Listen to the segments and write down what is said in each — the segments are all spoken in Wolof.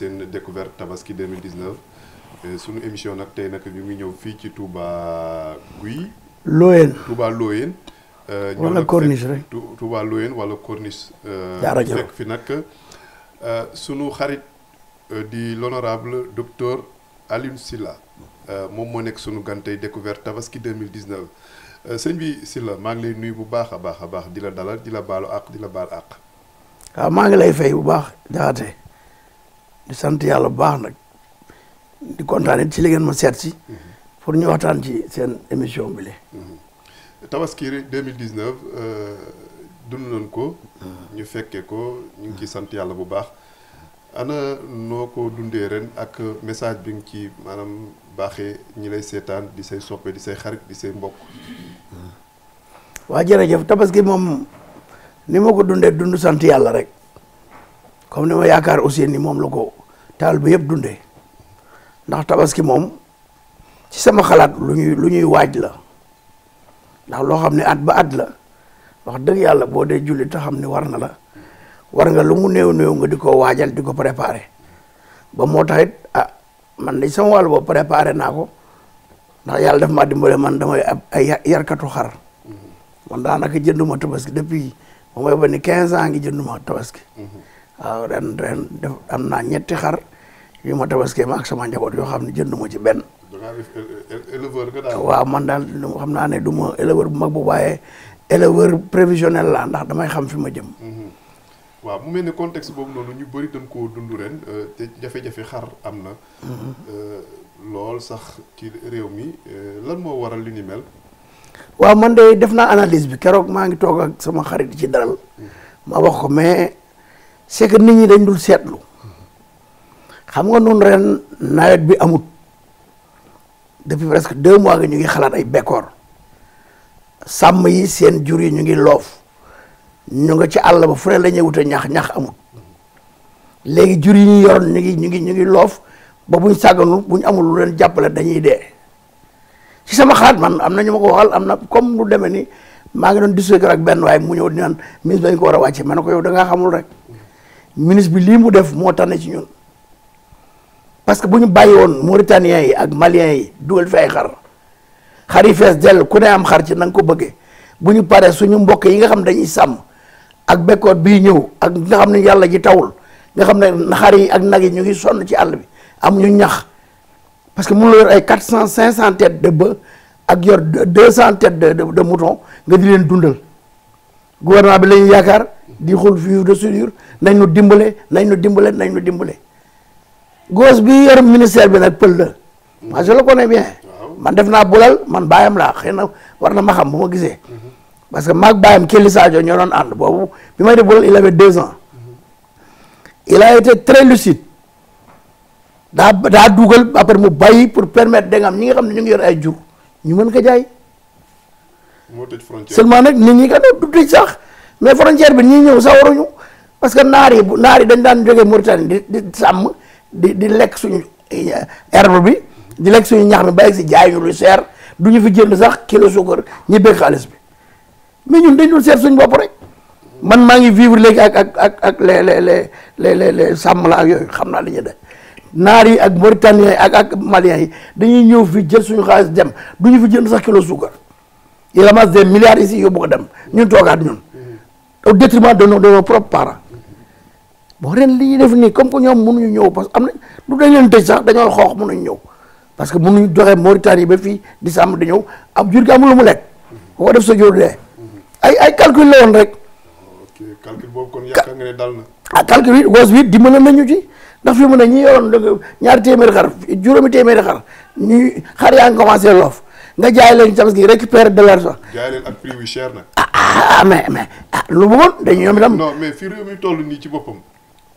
seen découverte tabaski 2019 euh, sunu émission nag tey nag ñu ngi ñëw fii ci Touba Guy. Loyen Touba Loyen. Euh, wala corniche rek Touba Loyen wala corniche. jaara fekk fi nag euh, sunu xarit di l'honorable docteur Alioune Sylla moom moo nekk sunu gantey découverte tabaski 2019 sëñ bi Sylla maa ngi lay nuyu bu baax a baax a baax di la dalal di la baalo àq di la baal àq. waaw ah, maa ngi lay fay bu baax jaxate di sant yàlla bu baax nag di kontaan ci li ngeen ma seet si pour ñu waxtaan ci seen émission bi la. tabaski 2019 euh, dund nañ ko. ñu fekkee ko ñu ngi ciy sant yàlla bu baax. ana noo ko dundee ren ak message bi nga ci maanaam baaxee ñi lay seetaan di say soppe di say xarit di say mbokk. waa jërëjëf tabaski moom ni ma ko dundee dund sant yàlla rek. comme ni ma yaakaar aussi ni moom la ko taal bi yëpp dundee ndax tabaski moom ci sama xalaat lu ñuy lu ñuy waaj la ndax loo xam ne at ba at la wax dëgg yàlla boo dee jullit te xam ne war na la war nga lu mu néew néew nga di ko waajal di ko préparer ba moo tax it ah, man de sama wàll boo préparer naa ko ndax yàlla daf maa dimbale man damay ay yarkatu xar man daanaka jënduma tabaski depuis ba may ba ni quinze ans ngi jënduma tabaski mm-hmm. waaw ren ren def am naa ñetti xar yu ma tabaskee ma ak sama njaboot yoo xam ne jënduma ci benn. éleveur nga waaw man daal xam naa ne du ma éleveur bu mag bu waaye éleveur prévisionnel la ndax damay xam fi ma jëm. Mm-hmm. waaw mu mel ni context boobu noonu ñu bëri dañ koo dund ren euh, te jafe-jafe xar am na. Mm-hmm. Euh, lool sax ci réew mi euh, lan moo waral li ni mel. waaw man de def naa analyse bi keroog maa ngi toog ak sama xarit ci dalal. Mm-hmm. ma wax ko mais c'est que nit ñi dañ dul seetlu xam nga nun ren nawet bi amut depuis presque deux mois nga ñu ngi xalaat ay bekkoor sàmm yi seen jur yi ñu ngi loof ñu nga ci àll ba fu la ñuy ñax ñax amut léegi jur yi ñu yoroon ñu ngi ñu ngi ñu ngi loof ba buñ sàgganu buñ amul lu leen jàppale dañuy dee ci sama xalaat man am na ñu ma ko waxal am na comme lu demee ni maa ngi doon discuter ak benn waaye mu ñëw di naan ministre dañ ko war a wàcce ma ne ko yow da ngaa xamul rek ministre bi lii mu def moo tane ci ñun parce que bu ñu bàyyi woon Mauritaniens yi ak Maliens yi dugal fi ay xar xar yi fees dell ku ne am xar ci na ko bëggee bu ñu paree suñu mbokk yi nga xam ne dañuy sàmm ak bekkoor bii ñëw ak nga xam ne yàlla ji tawul nga xam ne xar yi ak nag yi ñu ngi sonn ci àll bi am amuñu ñax parce que mun la yor ay quatre cent cinq cent têtes de bœuf ak yor deux cent têtes de de mouton nga di leen dundal. gouvernement bi la ñuy yaakaar di xul vivre de soudure nañ ñu dimbale nañ ñu dimbale nañ ñu dimbale gos bi yor ministère bi nag pël la moi je le connais bien man def naa bulal man baayam laa xëy na war na ma xam bu ma gisee mhm. parce que maag baayam Kelly Sadio ñoo doon ànd boobu bi may def bulal il avait deux ans mhm. il a été très lucide daa dugal après mu bàyyi pour permettre da am ñi nga xam ne ñu ngi yor ay jur ñu mën ko jaay moo tëj frontière seulement nag nit ñi kat du tëj sax mais frontière bi ñi ñëw sax waruñu parce que naar bu naar dañ daan jógee Mauritanie di di sàmm di di lekk suñu eh, herbe bi di lekk suñu ñax mi ba si jaay ñu lu seer du ñu fi jënd sax kilo suukar ñi bëgg xaalis bi mais ñun dañ seet suñu bopp rek man maa ngi vivre léegi ak ak ak ak les les les sàmm la ak yooyu xam naa li ñuy def naar yi ak Mauritaniens ak ak Maliens yi dañuy ñëw fi jël suñu xaalis dem du ñu fi jënd sax kilo suukar. il ramasse des milliards ici yóbbu ko dem ñun toogaat ñun au détriment de nos de nos propres parents bon ren li ñuy def nii comme que ñoom mënuñu ñëw parce que am na du dañ leen tëj sax dañoo xoox mënuñu ñëw parce que mun mënuñu doxee Mauritanie ba fii décembre di ñëw am jur gi amul lu mu lekk boo def sa jur dee ay ay calcul la woon rek. ok calcul boobu kon yaakaar nga na. ah calcul bi gos bi dimbali nañu ci ndax fi mu ne ñi yoroon ñaari téeméeri xar juróomi téeméeri xar ñu xar yaa ngi commencé loof. nga jaay leen tabaski récupérer de l'argent. ak prix yu cher nag. ah, ah mais mais ah lu mu dañu ñoom itam. non mais fii réew mi toll nii ci boppam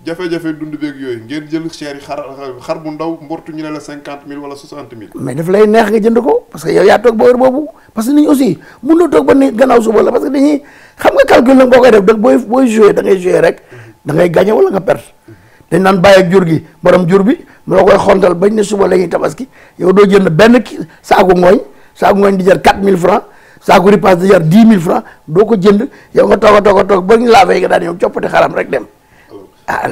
jafe-jafe dund beeg yooyu ngeen jël cher yi xar xar bu ndaw mbortu ñu ne la cinquante mille wala soixante mille. mais daf lay neex nga jënd ko parce que yow yaa toog ba heure boobu parce que nit aussi mën na toog ba ni gannaaw suba la parce que dañuy xam nga calcul nag boo koy def da booy booy joué da ngay rek da ngay gagné wala nga perte. dañ naan bàyyi ak jur gi borom jur bi moo koy xontal bañ ne suba la ñuy tabaski yow doo jënd benn saako ngooñ saako ngooñ di jar 4000 francs saako ripaas di jar 10 000 francs doo ko jënd yow nga toog a toog ñu laa fay nga daan yow coppati xaram rek dem ah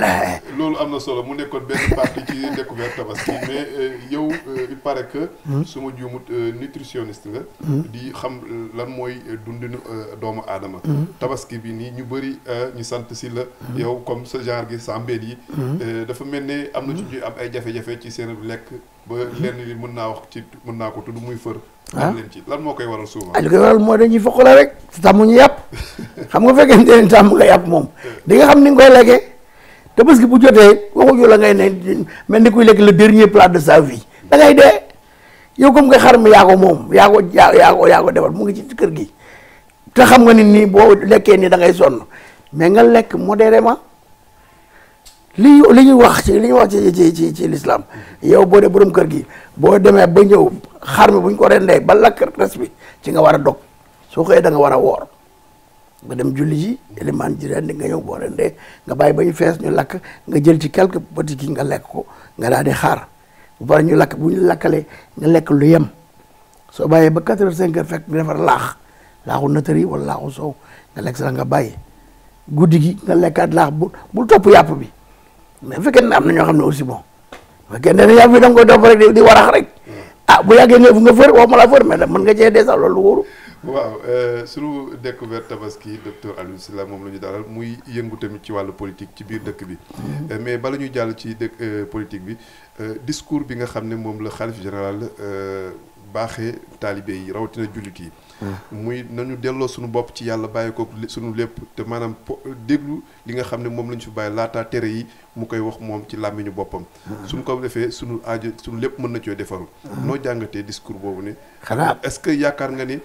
loolu am na solo mu nekkoon benn partie ci découverte tabaski mais euh, yow euh, il pare que. Hmm? suma ma juumut euh, nutritionniste nga. Hmm? di xam lan mooy dundinu doomu aadama. Hmm? tabaski bi nii ñu bëri ñu sant si la. yow comme sa genre gi sàmbeen yi. dafa mel ne am na ci ñuy am ay jafe-jafe ci seen lekk ba lenn li mën naa wax ci mën naa ko tudd muy fër. ah leen ci lan moo koy waral souvent. li koy waral mooy dañuy foqale rek. tàmmuñu yàpp xam nga fekkente ne tàmm nga yàpp moom eh. di nga te tabaski bu jotee waxuñu la ngay ne mel ni kuy lekk le dernier plat de sa vie da ngay dee yow comme nga xar mi yaa ko moom yaa ko yaa ko defar mu ngi ci kër gi te xam nga nit nii boo lekkee nii dangay ngay sonn mais nga lekk modérément li li ñuy wax ci li ñuy wax ci ci ci ci l'islam yow boo dee borom kër gi boo demee ba ñëw xar mi bu ñu ko rendee ba lakk res bi ci nga war a dog soo xëyee da nga war a woor nga dem julli ji élément ji rendi nga ñëw boo rendee nga bàyyi ba ñu fees ñu lakk nga jël ci quelque petit kii nga lekk ko nga daal di xaar ba pare ñu lakk bu ñu lakkalee nga lekk lu yem soo bàyyee ba quatre heures cinq heures fekk nga defar laax laaxu nëtëri wala laaxu soow nga lekk sax nga bàyyi guddi gi nga lekkaat laax bu bul topp yàpp bi mais bu fekkee ne am na ñoo xam ne aussi bon bu fekkee ne yàpp bi da nga koy di warax rek ah bu yàggee nga nga fër waxuma la fër mais mën nga jee dee sax loolu wóoru waaw euh, sunu découverte tabaski docteur Alioune Sylla moom la ñu dalal muy yëngu ci wàllu politique ci biir dëkk bi mm-hmm. euh, mais bala ñu jàll ci dëkk euh, politique bi discours bi nga xam ne moom la xalif général baaxee taalibe yi rawatina jullit yi mm-hmm. muy nañu delloo suñu bopp ci yàlla bàyyi ko suñu lépp te maanaam déglu li nga xam ne moom la ñu fi bàyyi laataa tere yi mu koy wax moom ci làmmiñu boppam mm-hmm. suñ ko defee suñu aajo suñu lépp mën na coo defaru noo jàngatee discours boobu ne yaakaar nga ni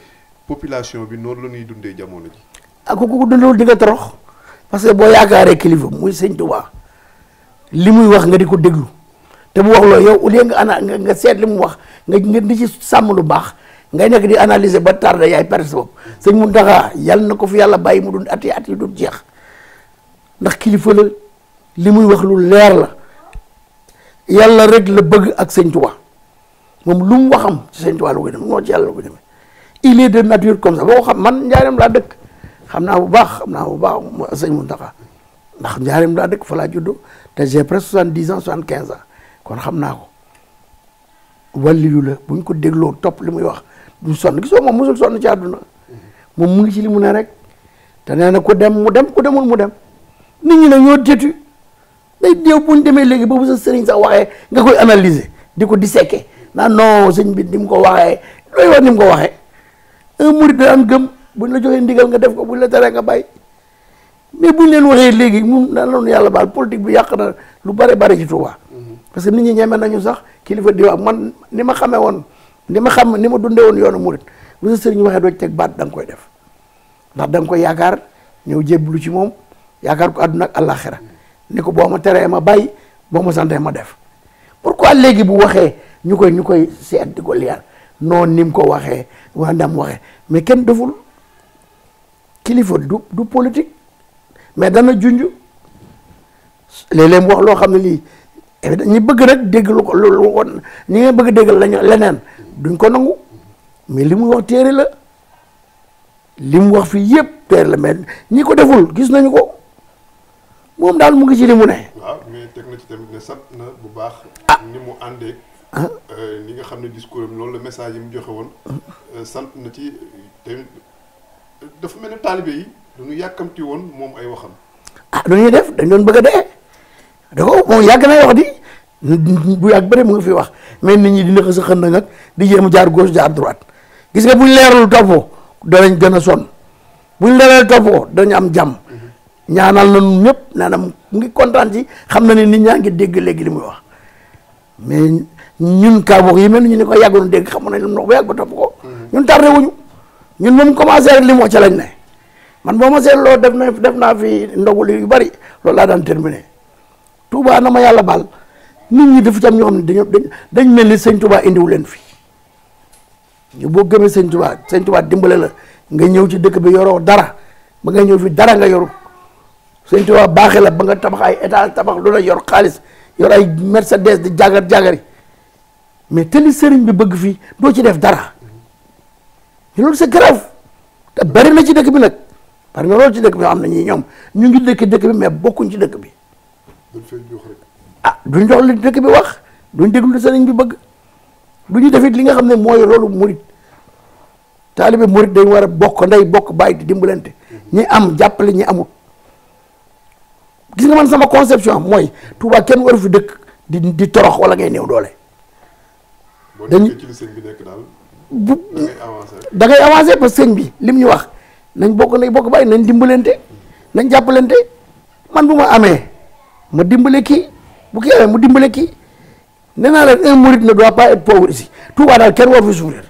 population bi noonu la ñuy dundee jamono ji. ak ku ko dundul di nga torox parce que boo yaakaaree kilifa muy sëñ Tuubaa li muy wax nga di ko déglu te bu wax loolu yow au lieu nga ana nga seet mu wax nga di ci sàmm lu baax ngay nekk di analyser ba tardé yaay perte sa bopp sëñ Mountakha yàlla na ko fi yàlla bàyyi mu dund at yi at yi du jeex ndax kilifa la li muy wax lu leer la yàlla rek la bëgg ak sëñ Tuubaa moom lu mu waxam ci sëñ Tuubaa la koy demee. il est de nature comme ça boo xam man njaareem laa dëkk xam naa bu baax xam naa bu baax sëñ Mountakha ndax njaareem laa dëkk fa laa juddoo te j'ai presque soixante dix ans soixante quinze ans kon xam naa ko wàlliyu la buñ ko dégloo topp li muy wax du sonn soo moom mosul sonn ci àdduna moom mu ngi ci li mu ne rek te nee na ku dem mu dem ku demul mu dem nit ñi la ñoo tëtu day bu ñu demee léegi boobu sa sëriñ sa waxee nga koy analyser di ko di seke naan non sëñ bi ni mu ko waxee looy wax ko waxee un murid da daan gëm buñ la joxee ndigal nga def ko buñ la teree nga bàyyi mais buñ leen waxee léegi mun na loonu yàlla baal politique bi yàq na lu bare bare ci Touba parce que nit ñi ñeme nañu sax kilifa diwaan man ni ma xamee woon ni ma xam ni ma dundee woon yoonu murid bu sa waxee doo teg baat da koy def ndax da koy yaakaar ñëw jébbalu ci moom yaakaar ko àdduna ak àllaaxira ni ko boo ma teree ma bàyyi boo ma santee ma def pourquoi léegi bu waxee ñu koy ñu koy seet di ko liyaar noon nim ko waxee waa ndam waxee mais kenn deful kilifa du du politique mais dana junj léeg mu wax loo xam ne lii eh, ñi bëgg rek dégg lu ko lu woon ñi nga bëgg dégg lañu leneen duñ ko nangu mais li mu wax téere la li wax fii yëpp téere la mais ñi ko deful gis nañu ko moom daal mu ngi ci li mu ne. waaw bu baax. Ah. ni mu Euh, li nga xam ne discours am loolu la message yi mu joxe woon euh, sant na ci te dafa mel ne taalibe yi dañu yàkkamti woon moom ay waxam ah lu ñuy def dañ doon bëgg a dee da ko moom yàgg na wax di bu yàgg bëri mu nga fi wax mais nit ñi dina xës a xën nag di jéem mu jaar gauche jaar droite gis nga buñ leeralu toppoo danañ gën a sonn buñ leeralu toppoo danañ am jàmm mhm. ñaanal na ñun ñëpp naanaam mu ngi kontaan ci xam na ne nit ñaa ngi dégg léegi li muy wax mais ñun kaa boog yi mel ni ñu ne ko yàggoon dégg xamoon nañ lu mu wax ba yàgg ba topp ko. ñun ñun moom commencé li mu wax ca lañ ne man boo ma seetloo def na def naa fi ndogu yu bari loolu laa daan terminé Touba na ma yàlla bal nit ñi dafa ci am ñoo xam ne dañoo dañ mel ni sëñ Touba indiwu leen fi ñu boo gëmee sëñ Touba sëñ dimbale la nga ñëw ci dëkk bi yoroo dara ba nga ñëw fi dara nga yoru sëñ Touba baaxee la ba nga tabax ay état tabax lu la yor xaalis yor ay Mercedes di jagar jagari mais te li sëriñ bi bëgg fii doo ci def dara mais loolu c'est grave te bari na ci dëkk bi nag bari na loolu ci dëkk bi am na ñi ñoom ñu ngi dëkk dëkk bi mais bokkuñ ci dëkk bi. ah duñ jox li dëkk bi wax duñ déglu li bi bëgg du ñu defit li nga xam ne mooy loolu murit taalibe murit dañ war a bokk ndey bokk bàyyi di dimbalante ñi am jàppale ñi amut gis nga man sama conception mooy Touba kenn waru fi dëkk di di torox wala ngay new doole. dañ bu da ngay avancé parce que sëñ bi lim ñu wax nañ bokk nañ bokk bàyyi nañ dimbalante nañ jàppalante man bu ma amee ma dimbale kii bu kii mu dimbale kii nee naa leen un mouride ne doit pas être pauvre ici Touba daal kenn war fi souffrir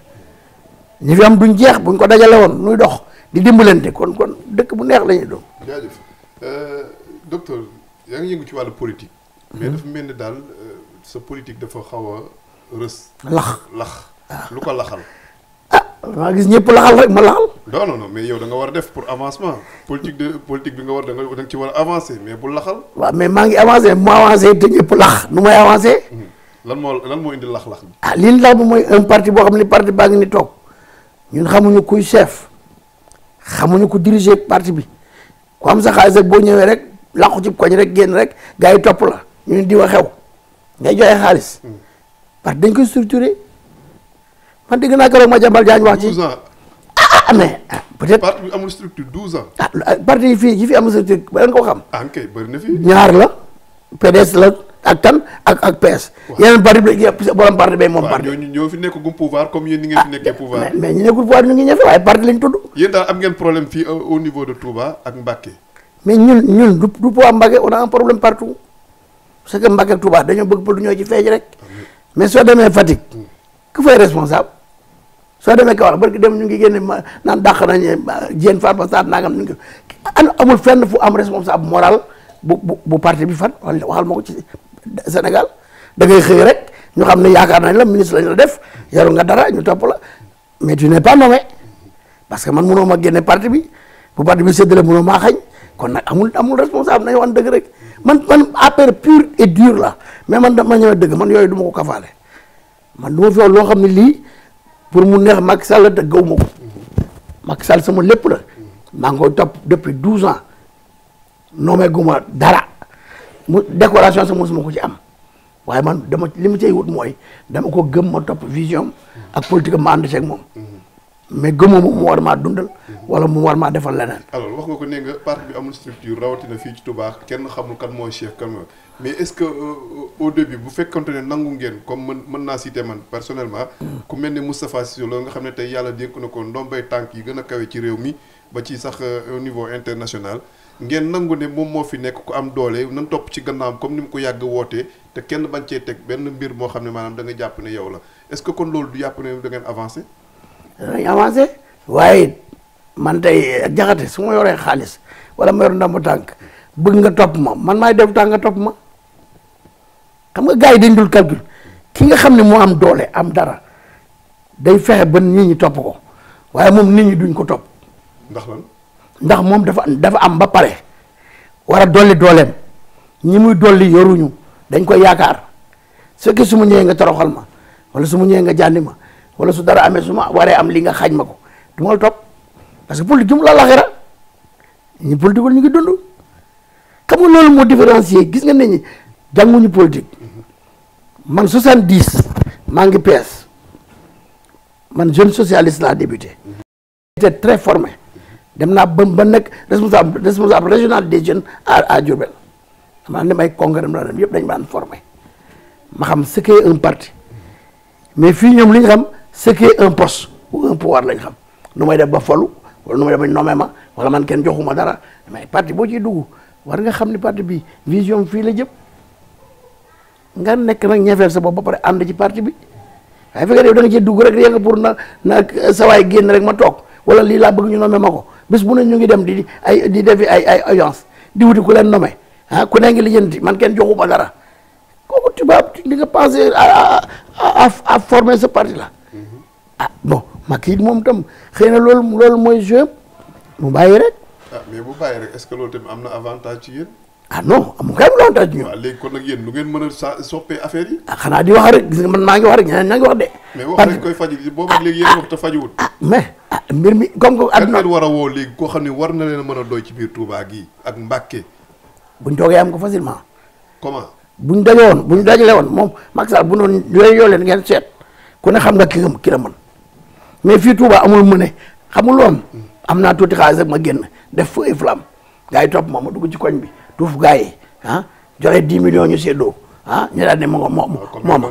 ñi fi am duñ jeex buñ ko dajale woon muy dox di dimbalante kon kon dëkk bu neex la ñuy doon. jaajëf euh, docteur yaa ngi ci wàllu politique. Mm-hmm. mais dafa mel ni daal euh, sa politique dafa xaw a rës. lax ah. lu ko laxal. ah maa gis ñëpp laxal rek ma laxal. non non non mais yow da nga war a def pour avancement politique de politique bi nga war da nga ci war a avancer mais bu laxal. waaw mais maa ngi avancer mu avancer te ñëpp lax nu may avancer. Mhm. lan moo lan moo indi lax-lax bi. ah lii lax bi mooy un parti boo xam ne parti baa ngi ni toog ñu xamuñu kuy chef xamuñu ku diriger parti bi ko am sa xaalis rek boo ñëwee rek làqu ci koñ rek génn rek gaa yi topp la ñu di wa xew ngay parce dañ koy structuré man dégg naa keroog ma jàmbal jaañ wax ci. 12 ans ah mais ah, peut-être. parti ah, ah, fii yi fi amul structure ba nga ko xam. ñaar la PDS la ak tan ak ak PS. waaw yeneen parti bi borom parti bee moom. parti ñooñu ñoo du du poids Mbacké a un problème partout parce que Mbacké ak Touba dañoo bëgg pour ñoo ci feeñ rek. mais soo demee Fatick ku fay responsable soo demee Kaolack barki dem ñu ngi génne ma naan dàq nañu jéen Farba Sarr nangam ñu ngi amul fenn fu am responsable moral bu bu bu parti bi fan waxal ma ko ci Sénégal da ngay xëy rek ñu xam ne yaakaar nañ la ministre lañ la def yaru nga dara ñu topp la mais tu n'es pas nommé parce que man mënoo ma génne parti bi bu parti bi séddale mënoo maa xañ kon nag amul amul responsable nañu wan dëgg rek. man man affaire pure et dure la mais man dama ñëwee dëgg man yooyu du ko kafaale man du ma fi wax loo xam ne lii pour mu neex Macky Sall te gaw ma ko Macky Sall sama lépp la maa topp depuis douze ans nommé guma dara mu décoration sama mosuma ko ci am waaye man dama li mu cay wut mooy dama ko gëm ma topp vision ak politique ma ànd ceeg moom mais gëmoo moom mu war maa dundal. wala mu war maa defal leneen. alors wax nga ko nee nga parti bi amul structure rawatina fii ci Touba kenn xamul kat mooy chef kan mooy mais est-ce que euh, au début bu fekkonte ne nangu ngeen comme mën mën naa citer man personnellement. ku mel ne Moustapha Cissé xam ne tey yàlla dénk na ko ndombay tànk yi gën a kawe ci réew mi ba ci sax euh, au international. ngeen nangu ne moom moo fi nekk am doole nan topp ci gannaawam comme ni mu ko yàgg wootee te kenn bañ cee teg benn mbir xam ne maanaam da nga jàpp ne yow la est-ce que kon loolu du yàpp ne da ngeen avancé. danañ avancé waaye man tey jaxate su ma yoree xaalis wala ma yor ndambu tànk bëgg nga topp ma man maay def tànk nga topp ma xam nga gars yi dañ dul calcul ki nga xam ne moo am doole am dara day fexe ba nit ñi topp ko waaye moom nit ñi duñ ko topp. ndax ndax moom dafa dafa am ba pare war a dolli dooleem ñi muy dolli yoruñu dañ koy yaakaar ce que su ma ñëwee nga toroxal ma wala su ma ñëwee nga jàndi ma. wala su dara amee su ma waree am li nga xañ ma ko du ma la parce que politique jëm la laxira ñu politique wala ñu ngi dund xam nga loolu moo différencier gis nga ne ñi jànguñu politique man 70 maa ngi PS man jeune socialiste laa débuté. j'étais très formé dem naa ba ba nekk responsable responsable régional des jeunes à à Diourbel xam naa ne ay congrès dem laa dem yëpp dañu daan formé ma xam ce qu'est un parti mais fii ñoom li ñu xam. ce qui est un poste ou un pouvoir lañ xam nu may def ba folu wala nu may def ba nommé ma wala man kenn ma dara mais parti boo ciy dugg war nga xam ne parti bi vision fii la jëm nga nekk nag ñefeel sa bopp ba pare ànd ci parti bi waaye fekkee yow da nga cee dugg rek yéen nga pour na na sa waay génn rek ma toog wala lii laa bëgg ñu nommé ma ko bis bu ne ñu ngi dem di ay di def ay ay alliance di wut ku leen nommé ah ku ne ngi lijjanti man kenn joxu joxuma dara kooku li nga pensé à à à former ce ah bon ma it moom tam xëy na loolu loolu mooy jeu mu bàyyi rek. ah mais bu bàyyi rek est-ce que loolu tamit am na avantage ci yéen. ah non amul kay avantage ci ñun. kon nag yéen lu ngeen mën a soppee affaire yi. ah xanaa di wax rek gis nga man maa ngi wax rek ñeneen ñaa ngi wax de. mais wax rek koy faj boobu ak léegi yéen wax te fajuwul. Ah, ah mais ah, war a woo léegi koo xam ne war na leen mën a doy ci biir Touba gii ak bu buñ toogee am ko facilement. bu ñu daje woon bu ñu dajale woon moom Macky Sall bu noonu yooyu yoo leen ngeen seet ku ne xam nga ki nga ki la mais fii Touba amul mu ne xamul woon am naa tuuti xaalis rek ma génn def feu et flamme gars yi topp ma ma dugg ci koñ bi tuuf gars yi ah joxe 10 millions ñu séddoo ah ñu daal ne ma moom moom ah,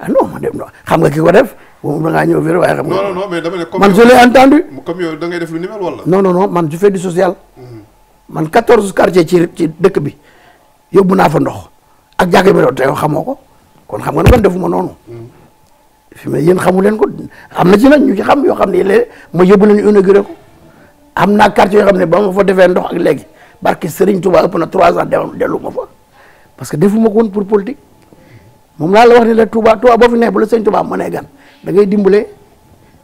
ah non man dem xam nga ki ko def moom da ngaa ñëw fii waaye man je l'ai entendu. comme yow da ngay def lu ni mel wala. man je fais du social. man 14 quartiers ci dëkk bi yóbbu naa fa ndox ak jàkka bi doon te yow xamoo ko kon xam nga ne man defuma noonu. Hmm. fi mu ne yéen xamu leen ko am na ci nag ñu ci xam yoo xam ne léeg ma yóbbu leen inauguré ko am naa quartier yoo xam ne ba ma fa defee ndox ak léegi barke Serigne Touba ëpp na trois ans dellu ma fa parce que defu ma ko pour politique moom laa la wax ne la Touba Touba boo fi ne bu la Serigne Touba mënee gan da ngay dimbale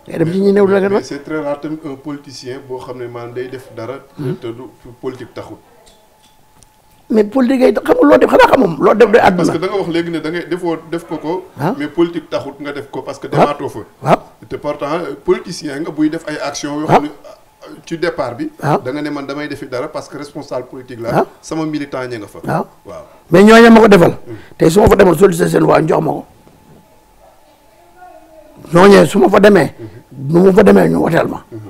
ngay dem ci ñi néew la gan mais c'est boo xam ne maanaam day def dara hmm? te du politique taxut mais politique yi xam nga loo def xanaa xamum loo def doy àdduna parce que da nga wax léegi ne da ngay defoo def ko ko ah. mais politique taxut nga def ko parce que ah. demaatoo fa waaw ah. te pourtant politicien nga buy def ay action xam euh, ci départ bi da nga ne damay defi dara parce que responsable politique la sama militant ña nga fa waaw waaw mais ñooñu ma ko defal hmm. tey su ma fa demal sollicité seen waa jox ma ko ñooñee su ma fa demee hmm. nu mu fa demee ñu woteel ma hmm.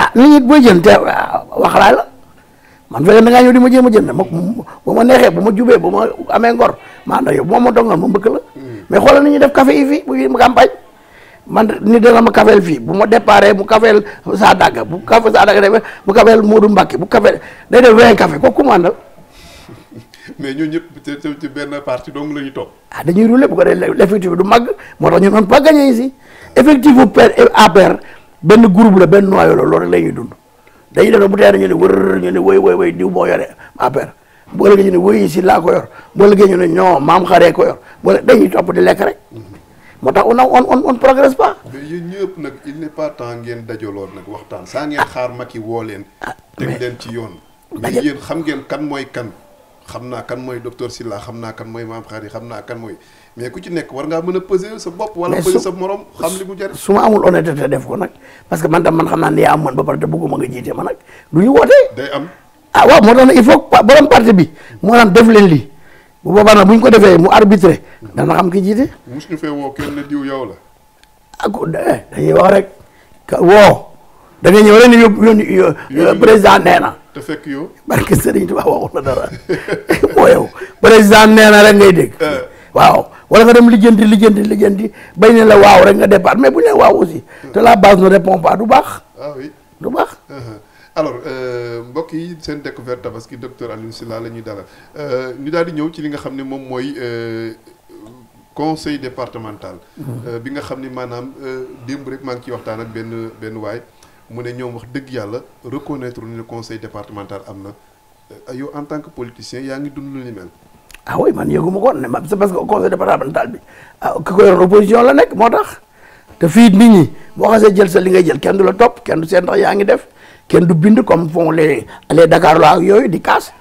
ah nit ñi booy jënd te ah, wax laa la man fekk da ngaa ñëw di ma jéem a jënd ma bu ma neexee bu ma jubee bu ma amee ngor ma na yow bu ma ma dongal ma mbëkk mm. mais xoolal nit ñi def café yi man ni dana ma kafeel fii bu ma déparé mu kafeel saa bu kafeel saa dàgg defee mu kafeel Mbàkke bu kafeel day def vingt café kooku mu àndal mais ñun ñëpp ci benn parti dong la ñuy topp ah dañuy roulé bu ko dee l'effectif du mag moo tax ñu noonu pas gagné ici effectif benn groupe la benn noyau la loolu rek la ñuy dund dañuy def bu tey ñu ne wër ñu ne woy woy woy diw moo yore affaire bu ëllëgee ñu ne woy si laa ko yor bu ëllëgee ñu ne ñoo maam xare ko yor bu dañuy topp di lekk rek moo tax on on on progresse pas. mais yéen ñëpp nag il n'est pas temps ngeen dajaloon nag waxtaan saa ngeen xaar Macky woo leen. Ah, teg leen ci yoon. mais yéen xam ngeen kan mooy kan xam naa kan mooy docteur silla xam naa kan mooy maam xaar yi xam naa kan mooy. mais ku ci nekk war ngaa mën a peser bopp. wala peser sa morom xam li mu jëriñ. su ma amul honnêteté def ko nag parce que man tam man xam naa ne yaa am man ba pare te bëgguma nga jiite ma nag du ñu woo day am ah waaw moo tax nag il faut borom parti bi moo naan def leen li bu boobaa nag bu ñu ko defee mu arbitré dana xam ki jiite. mus ñu fee woo kenn ne diw yow la. ah eh, wax rek woo. da ñëw rek ni yóbbu euh, président nee na. te fekk yow. barke Serigne Touba waxul la dara mooy yow nee na rek ngay dégg. Eh. waaw. wala nga dem lijjanti lijjanti lijjanti bay ne la waaw rek nga départ mais bu ñu nee waaw aussi te la base ne répond pas du baax. ah oui du baax. Uh-huh. alors euh, mbokk yi seen découverte tabaski docteur Alioune Sylla la ñuy dalal euh, ñu daal di ñëw ci li nga xam ne moom mooy euh, conseil départemental. Mm-hmm. bi nga xam ne maanaam démb rek maa ngi ciy waxtaan ak benn benn waay mu ne ñoom wax dëgg yàlla reconnaître lu ne conseil départemental am na yow en tant que politicien yaa ngi dund lu ah oui man yëgu ma ko woon ne man c'est parce que conseil départemental bi ah ki ko yoroon opposition la nekk moo tax te fii nit ñi boo xasee jël sa li ngay jël kenn du la topp kenn du seet ndax yaa ngi def kenn du bind comme font les les Dakar la ak yooyu di kaas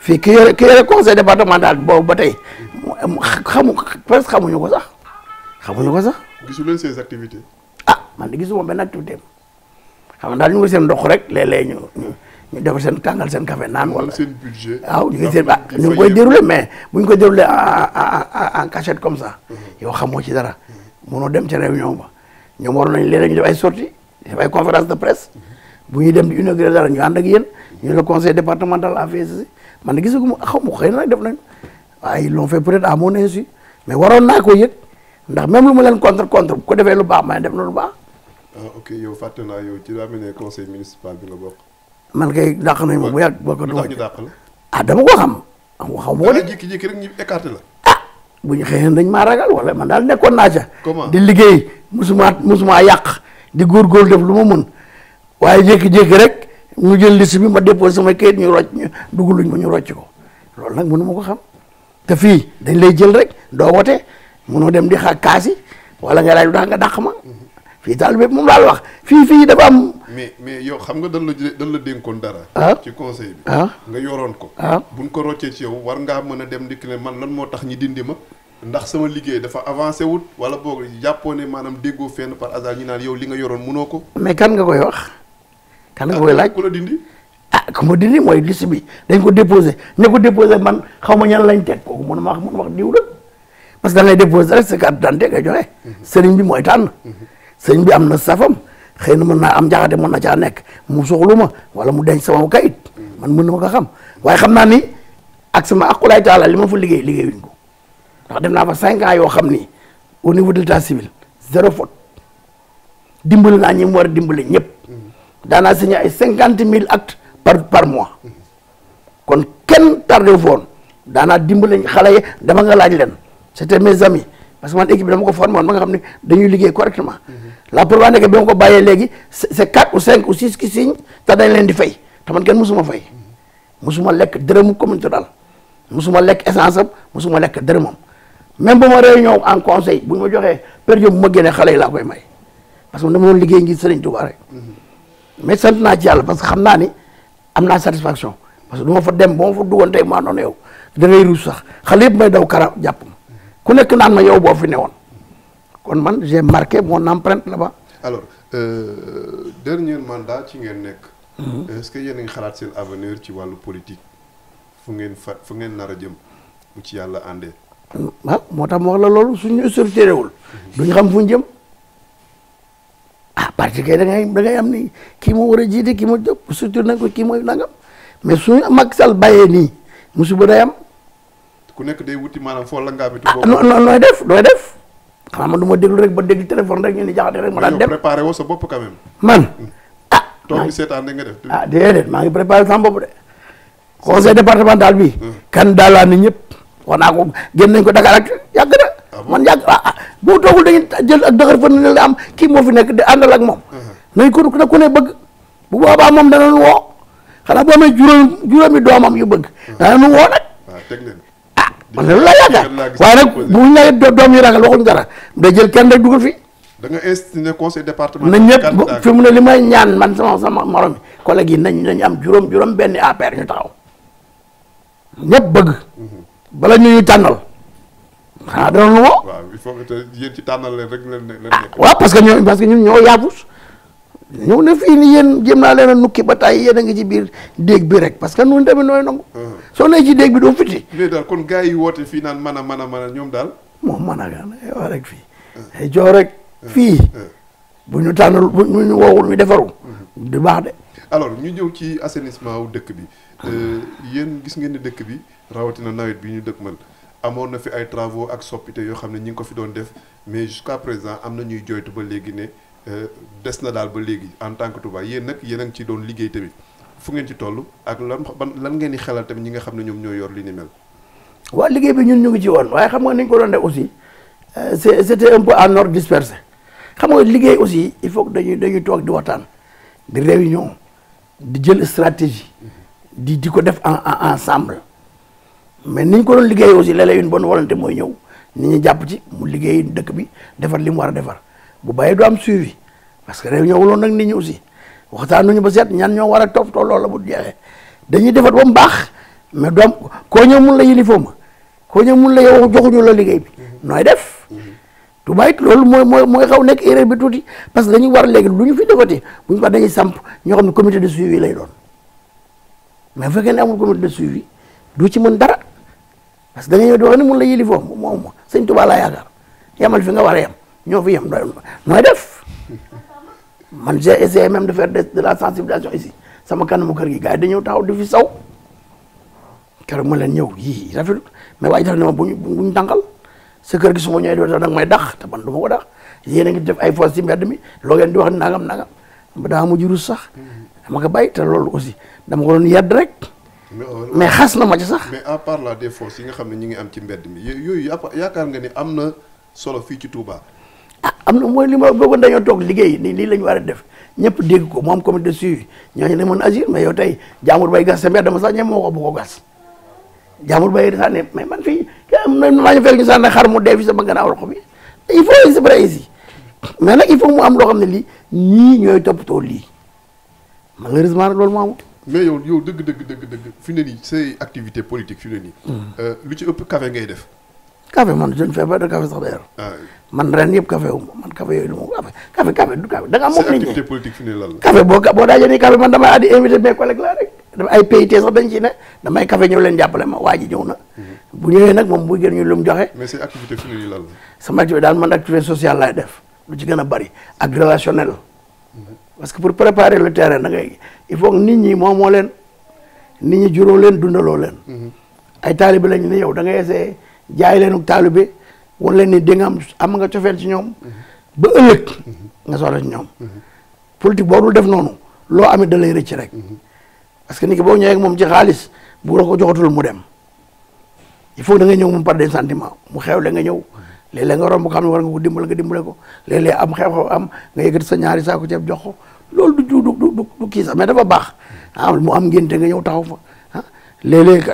fii ki yore ki yore conseil départemental boobu ba tey xamu presque xamuñu ko sax ñu ko sax. gisu leen ses activités. ah man de gisuma benn activité am xam nga daal ñu ngi seen ndox rek léeg-léeg ñu. ñu defar seen tàngal seen café naan wala seen budget waaw ñu ngi seen ñu ngi koy déroulé mais bu ñu koy déroulé en cachette comme ça mhm. yow xamoo ci dara mënoo dem ca réunion ba ñoom waroon nañ léeg-léeg ñu def ay sortie def ay conférence de presse mhm. bu ñuy dem di inauguré dara ñu ànd ak yéen ñu le conseil départemental a fait ceci man gisagu ma xaw ma xëy na nag def nañ waaye ils l'ont fait peut-être à mon insu mais waroon naa ko yëg ndax même lu ma leen contre contre bu ko defee lu baax ma def na lu baax ah ok yow fàtte naa yow ci laa mel ne conseil municipal bi nga bokk man kay dàq nañ ma bu yàgg bokkatuma ci a ah, dama ko xam xam xam ko de jékki-jékki rek ñu écarté la ah bu ñu xëyeen dañ maa ragal wala man daal nekkoon naa ca di liggéey musuma musuma yàq di góor def lu ma mën waaye jékki-jékki rek mu jël liste bi ma déposé sama kayit ñu rocc ñu dugg luñ ma ñu rocc ko loolu nag mënu ma ko xam te fii dañ lay jël rek doo wote mënoo dem di xaar kaasi wala nga laaj lu tax nga dàq ma mm-hmm. fii daal bépp moom daal wax fii fii dafa mais mais yow xam nga dañ la dañ la dénkoon dara. ah ci conseil bi. Ah? nga yoroon ko. ah buñ ko roccee ci yow war ngaa mën a dem dikk ne man lan moo tax ñi dindi ma. ndax sama liggéey dafa avancé wut wala boog jàppoo ne maanaam déggoo fenn par hasard ñu naan yow li nga yoroon mënoo ko. mais kan nga koy wax. kan nga koy laaj ku la dindi. ah ku ma dindi mooy liste bi dañ ko déposé ña ko déposé man xaw ma ñan lañ teg kooku mënuma wax mënuma wax diw la parce que da ngay déposé rek sa carte d'identité mhm. bi mooy tànn. Mhm. sëriñ bi am na safam. xëy na mën naa am jaxate mën na caa nekk mu soxlu ma wala mu denc sama kayit man mën na ma ko xam waaye xam naa ni ak sama akulaay taala li ma fa liggéey liggéeyuñ ko ndax dem naa fa cinq yoo xam ni au niveau de l'état civil zéro faute dimbali naa ñi mu war a dimbali ñëpp daanaa signé ay cinquante mille actes par par mois kon kenn tardé foon daanaa dimbali xale yi dama nga laaj leen c'était mes amis parce que man équipe dama ko formé woon ba nga xam ne dañuy liggéey correctement la preuve nekk bi ko bàyyee léegi c'est quatre ou cinq ou six qui signe te dañ leen di fay te man kenn musuma fay musuma lekk dërëmu communauté daal musuma lekk essence am musuma lekk dërëmam même ba ma réunion en conseil bu ñu ma joxee per diem bu ma génnee xale yi la koy may parce que dama doon liggéey ngir Serigne Touba rek mais sant naa ci yàlla parce que xam naa ni am naa satisfaction parce que du ma fa dem ba ma fa duggoon tey maa noonu yow da ngay sax xale yëpp may daw kara jàpp ma ku nekk naan ma yow boo fi woon kon man j'ai marqué mon empreinte là-bas. alors euh, dernier mandat ci ngeen nekk. Mhm. est-ce que yéen a ngi xalaat seen avenir ci wàllu politique fu ngeen fa fu ngeen nar a jëm bu ci yàlla àndee. Mm, ah, moo tax ma wax la loolu suñu wul mhm. duñu xam fu ñu jëm ah parti kay da am ni kii moo war a jiite kii moo jóg ko kii mooy nangam mais su Macky sal bàyyee nii musiba day am. ku nekk day wuti maanaam foo la ngaa. ah non non nooy def nooy def. xanaa man du ma déglu rek ba déglu téléphone rek ñu ni jaxate rek ma daan dem préparé a sa bopp man ah. toog di seetaan ah, maa ngi préparé sama bopp de. conseil départemental bi. Hmm. kan daalaa ni ñëpp. wax naa ko génn nañ ko daga ak yàgg na. Ah man yàgg ah, ah boo toogul dañuy jël ak dëgër fa ne la am kii moo fi nekk di àndal ak moom. Hmm. nañ ko na ku ne bëgg. bu boobaa moom danañ woo xanaa boo amee juróom juróomi doomam yi bëgg. Hmm. danañ woo nag. man loolu laa yaakaar waaye nag bu ñu nee doom yi ragal waxuñu dara day jël kenn rek dugal fi. da nga institué conseil départemental. na ñëpp fi mu ne li may ñaan man sama sama morom yi collègue yi nañ nañ am juróom juróom benn APR ñu taxaw ñëpp bëgg. Mhm. bala ñu ñu tànnal. xanaa dana lu ma. waaw il faut que yéen ci tànnal parce que ñoo parce ñoo yaafus. ñëw na fii ni yéen jéem naa leen a nukki ba tàyyi yéen a ngi ci biir déeg bi rek parce que ñun tamit nooy nangu. Uh-huh. soo nee ci déeg bi doo fiti. mais daal kon gars yi woote fii naan mën a mën a mën a ñoom daal. moom mën a gaan yow rek fii. joo uh-huh. rek uh-huh. fii. bu ñu tànnal woowul ñu defaru du baax de. alors ñu ñëw ci assainissement wu dëkk bi ah. euh, yéen gis ngeen ne dëkk bi rawatina nawet bi ñu dëkk man amoon na fi ay travaux ak soppite yoo xam ne ñi ngi ko fi doon def mais jusqu'à présent am na ñuy jooytu ba léegi ne. Euh, des na daal ba léegi en tant que Touba yéen nag yéen a ngi ci doon liggéey tamit fu ngeen ci toll ak lan ban lan ngeen di xelal tamit ñi nga xam ne ñoom ñoo yor li ni mel. waa liggéey bi ñun ñu ngi ci woon waaye xam nga ni ñu ko doon def aussi euh, c'est c'était un peu en ordre dispersé nga liggéey aussi il faut que dañuy dañuy di waxtaan di réunion di jël stratégie di di ko def en ensemble mais ni ñu ko doon liggéey aussi léeg-léeg une bonne volonté mooy ñëw nit ñu jàpp ci mu liggéey dëkk bi defar li mu war a defar. bu bàyyi du am suivi parce que réunion wuloon nag nit ñi aussi waxtaanuñu ba seet ñan ñoo war a toppatoo loolu la bu jeexee dañuy defat ba mu baax mais doom koo ñëw mun la uniforme koo ñëw mun la yow joxuñu la liggéey bi nooy def Touba it loolu mooy mooy mooy xaw nekk erreur bi tuuti parce que dañuy war léegi lu ñu fi defati bu ñu ko ñoo xam ne comité de suivi lay doon mais bu ne amul comité de suivi du ci mën dara parce que da nga ñëw di wax ne mun la yilifoo moom moom sëñ Touba laa yaakaar yamal fi nga war a ñoo fi yem doyul nooy def man j'ai essayé même de faire de la sensibilisation ici sama kanamu kër gi gars yi dañoo taxaw di fi saw keroog ma leen ñëw yii rafetlu mais waaye dafa ne ma bu ñu bu ñu tànqal sa kër gi su ma ñëwee doo tax nag may dax te man du ma ko dax yéen a ngi def ay force ci mbedd mi loo leen di wax nangam nangam ba daa mujj rus sax dama ko bàyyi te loolu aussi dama ko doon yedd rek. mais euh, xas na ma ci sax. mais à part là des forces yi nga xam ne ñu ngi am ci mbedd mi yooyu yaakaar nga ni am na solo fii ci Touba. ah am na mooy li ma boogoon dañoo toog liggéey nii lii la ñu war a def ñëpp dégg ko moom comité de suivi ñooñu la mën agir mais yow tey jaamur bay gas sa mbir dama sax ñem moo ko bu ko gas jaamur mais man fii am na maa ñu fekk ñu sànni xar mu dee fi sama gannaaw loxo bi il faut c'est mais nag il faut mu am loo xam ne lii ñii ñooy toppatoo lii malheureusement nag loolu moo amut mais yow yow dëgg dëgg dëgg dëgg fi ne nii say activité politique fi ne nii hmm. euh, lu ci ëpp café ngay def café man suñu feebar da ren yëpp café wu man café yooyu du ma café café café du café da nga moom nit ñi activité ay PIT na mhm. moom bu gën ñu lu mu joxe mais say activité fi ne lan la sama activité daal man activité sociale laay def a bari ak relationnel mhm. parce que pour préparer le terrain da ngay il nit ñi moom moo leen nit ñi juróo leen dundaloo leen mhm. ay taalibe lañ ne yow da ngay essayer jaay leenu taalibe wan leen ni di nga am am nga cofeel ci ñoom ba ëllëg nga soxla ci ñoom politique boo dul def noonu loo ame da lay rëcc rek parce que nit boo ñëwee ak moom ci xaalis bu la ko joxatul mu dem il faut da nga ñëw mu par des sentiments mu xewle nga ñëw léeg nga romb ko xam ne war nga ko dimbale nga dimbale ko léeg am xew-xew am nga yëkkati sa ñaari saako ceeb jox ko loolu du du du du kii sax mais dafa baax mm. ah mu am ngénte nga ñëw taxaw fa léeg-léeg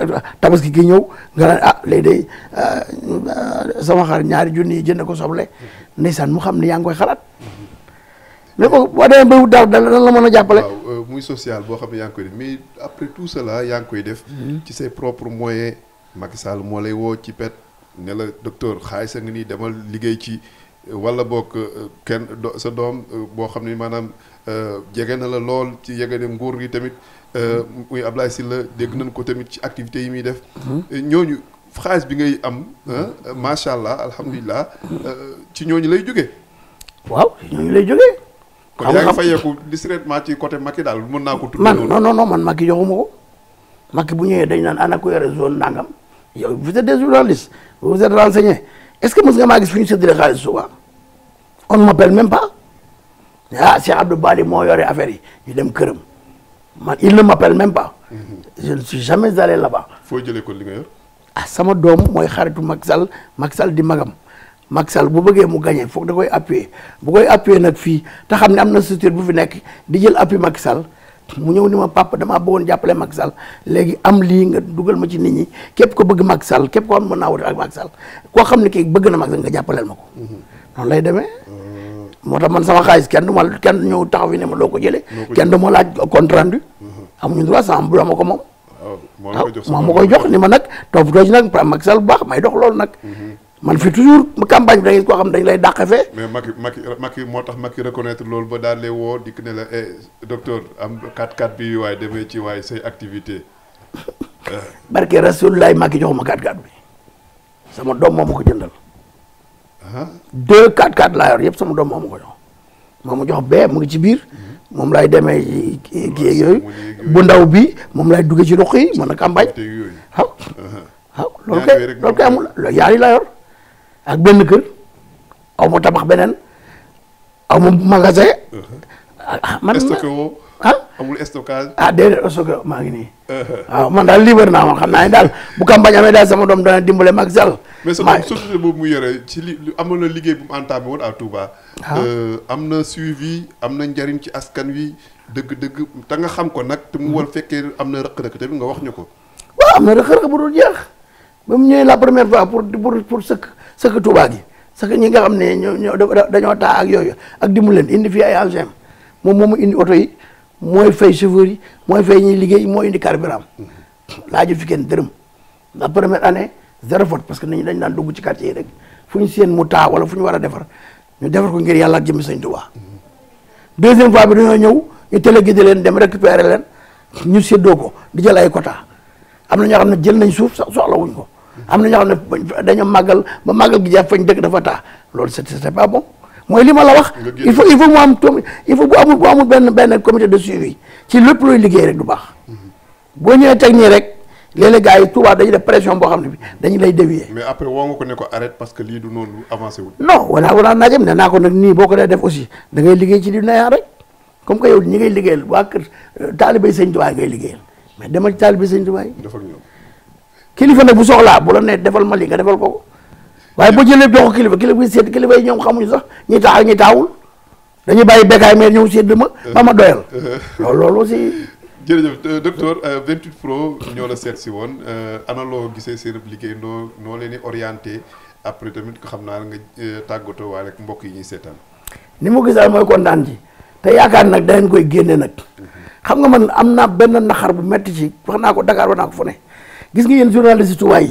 tabaski gi ñëw nga naan ah léegi day ah, sama xar ñaari junni yi jënd ko soble ndeysaan mu xam ne yaa ngi koy xalaat mais boo boo demee ba wut la mën a jàppale. waaw euh, muy social boo xam ne yaa ngi koy def mais après tout cela yaa ngi koy def. Mm-hmm. ci say propres moyens. Macky Sall moo lay woo ci pet ne la docteur xaalis a nii demal liggéey ci wala boog euh, kenn sa doom euh, boo xam ne maanaam. Euh, jege na la lool ci yege ne nguur gi tamit muy euh, Ablaye la dégg nañ ko tamit ci activité yi muy def hmm. ñooñu xaalis bi ngay am macha allah alhamdulilah euh, ci ñooñu lay jóge waaw ñooñu lay jógee kon yaa ngi fayeeku discrètement ci côté Macky daal mën naa ko tudd man non non non man Macky joxuma ko Macky bu ñëwee dañ naan ana ko yore zone nangam yow vous êtes des journalistes vous êtes est-ce que mës nga maa gis fu ñu séddale xaalis souvent on m'appelle même pas ah Cheikh Abdou Bali moo yore affaire yi ñu dem këram man il ne m'appelle même pas. Mhm. je ne suis jamais allé là-bas. foo jëlee ko li nga yor. ah sama doom mooy xaritu Macky Sall Macky di magam maksal bu bëggee mu gagné foog da koy appuyer bu koy appuyer nag fii te xam ne am na structure bu fi nekk di jël appui Macky Sall mu ñëw ni ma papa damaa bëggoon jàppale Macky Sall léegi am lii nga dugal ma ci nit ñi képp ko bëgg Macky Sall képp ko am mën naa wut ak Macky Sall koo xam ne kii bëgg na Macky Sall nga jàppaleel ma ko. Mhm. lay demee. Mhm. moo tax man sama xaalis kenn du kenn ñëw taxaw fi ne ma loo ko jëlee. kenn du ma laaj compte rendu. Mm-hmm. amuñu droit ma ko moom. waaw ma koy jox ni ma nag toog doy nag Macky Sall bu baax may dox loolu nag. Mm-hmm. man fi toujours campagne da ngeen ko xam dañ lay dàq fee. mais Macky Macky Macky moo tax Macky reconnaître loolu ba daal lay dikk ne la eh, docteur am 4 bi waaye demee ci waaye say activité barke Rasulullah Macky jox ma 4-4 bi sama doom moom ma ko jëndal. deux quatre quatre laa yor yëpp sama doom moo ma ko jox moo ma jox bee mu ci biir moom lay demee kii yooyu bu ndaw bi moom lay duggee ci ruq yi mën a campagne waaw uh-huh. waaw loolu kay amul yaar yi laa yor benn kër aw ma tabax beneen aw ma magasin uh-huh. man ah amul stockage ah déedéet maa ngi nii uh-huh. waaw man daal libre naa man xam naa ne daal daal sama doom dana dimbale Macky Sall mais sa doom société boobu mu yore ci na liggéey bu mu entamé woon à Touba. Ah. Euh, am na suivi am na njariñ ci askan wi dëgg-dëgg te nga xam ko nag te mu war mhm. fekkee am na rëq-rëq tamit nga wax ñu ko. waaw am na rëq-rëq bu dul jeex ba mu ñëwee la première fois pour pour pour sëkk sëkk Touba gi sëkk ñi nga xam ne ñoo dañoo taa ak yooyu ak dimbu leen indi fii ay engins moom moo mu indi oto yi mooy fay chauffeur yi mooy fay ñuy liggéey moo indi carburant mhm. laaju fi kenn dërëm la première année. zéro parce que nit ñi dañ daan dugg ci quartier yi rek fu ñu seen mu taa wala fu ñu war a defar ñu defar ko ngir yàlla ak jëmmi sëñ Tuubaa deuxième fois bi dañoo ñëw ñu téléguidé leen dem rek récupérer leen ñu séddoo ko di jël ay quota am na ñoo xam ne jël nañ suuf sax soxlawuñ ko am na ñoo xam ne dañoo màggal ba màggal gi jeex fañ dëkk dafa taa loolu c'était pas bon mooy li ma la wax il faut il faut mu am il faut bu amul bu amul benn benn comité de suivi ci lépp looy liggéey rek du baax mm-hmm. boo ñëwee teg nii léeg-léeg gars yi Touba dañuy def pression boo xam ne bi dañu lay dévier. mais après woo nga ko ne ko arrête parce que lii du noonu avancé wul. non wala wala naajam ne naa ko nag nii boo ko dee def aussi da liggéey ci li neex rek euh, mais demal ci taalibe sëñ Touba yi. defal kilifa nag bu soxlaa bu la nee defal ma lii nga defal ko waaye boo jëlee jox ko kilifa kilifa yi seet kilifa yi ñoom xamuñu sax ñi tax ñi taawul dañuy bàyyi bekkaay mais ñëw seet ma ma ma doyal loolu loolu aussi jërëjëf euh, docteur 28 euh, ñoo la seet si woon euh, ana loo gisee seen liggéey noo noo leen orienté après tamit xam naa nga tàggatoo rek mbokk yi ñuy seetaan. ni mu gisal mooy kontaan ci te yaakaar nag danañ koy génne nag mhm. xam nga man am naa benn naxar bu metti ci wax naa ko Dakar wax naa ko fu ne gis nga yéen journaliste tubaab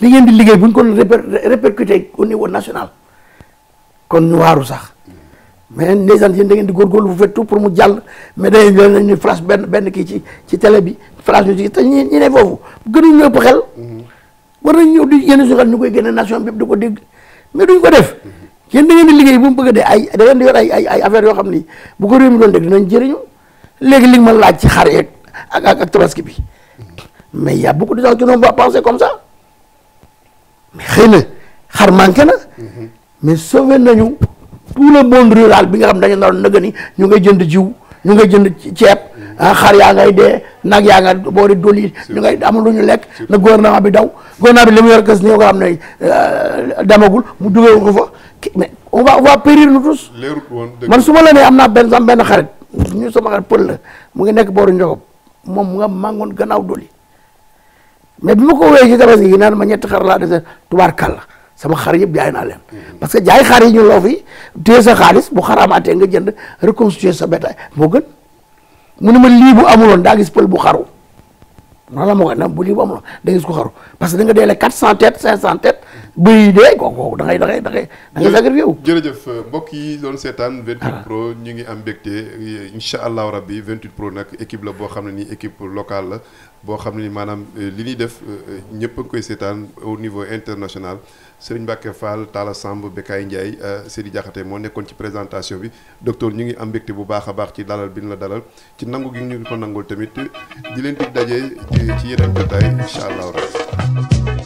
li ngeen di liggéey bu ñu ko répercuté au niveau national kon waaru sax. mais ndeysaan yéen da ngeen di góorgóorlu vous faites tout pour mu jàll mais dañuy ñëw nañu flash benn benn kii ci ci télé bi flash ñu ci te ñi ñi ne foofu gënuñu ñëpp xel. war nañ ñëw di génne suñu nu ñu koy génne nation bi yëpp di ko dégg mais duñ ko def. yéen da ngeen di liggéey bu mu bëgg a ay da ngeen di yor ay ay ay affaire yoo xam ni bu ko réew mi doon dégg dinañ jëriñu léegi li ma laaj ci xar yeeg ak ak ak tabaski bi mais y' a beaucoup de gens qui n'ont pas comme sa mais xëy na xar manqué na mm-hmm. mais sauvé nañu tout le monde rural bi nga xam dañu naroon na ni ñu ngay jënd jiw ñu ngay jënd ceeb mm. ah, xar yaa ngay dee nag yaa nga boori dol yi ñu ngay amul lu ñu lekk na gouvernement bi daw gouvernement bi li mu yor kës ni nga xam ne euh, demagul mu dugal ko fa mais on va on va périr man su ma la am naa benn sam benn xarit ñu sama xarit pël la mu ngi nekk booru njogob moom mu nga màngoon gannaaw doli mais bi ma ko wéyee ci tabaski gi naan ma ñetti xar laa dese tubaar kàlla sama xar yëpp jaay naa leen parce que jaay xar yi ñu loo fi téye sa xaalis bu xaraamaatee nga jënd reconstituer sa bétail moo gën mu ne ma lii bu amuloon daa gis pël bu xaru noonu la moo koy naan bu lii bu amuloon da gis ko xaru parce que danga dee deele quatre cent têtes cinq cent têtes bëy dee kooku da ngay da ngay da ngay da ngay sacrifié wu jërëjëf mbokk yi doon seetaan 28 ah. pro ñu ngi am mbégte incha allahu rabbi 28 pro nag équipe boo xam ne nii équipe locale la boo xam ni maanaam eh, li ñuy def eh, eh, ñëpp ngi koy seetaan au niveau international Serigne Mbacke Fall Talla Samb Bekay Ndiaye euh, Sidi Diakhaté moo nekkoon ci présentation bi docteur ñu ngi am mbégte bu baax a baax ci dalal bi ñu la dalal ci nangu gi ñu ko nangul tamit di leen dig daje ci yeneen jotaay incha allah.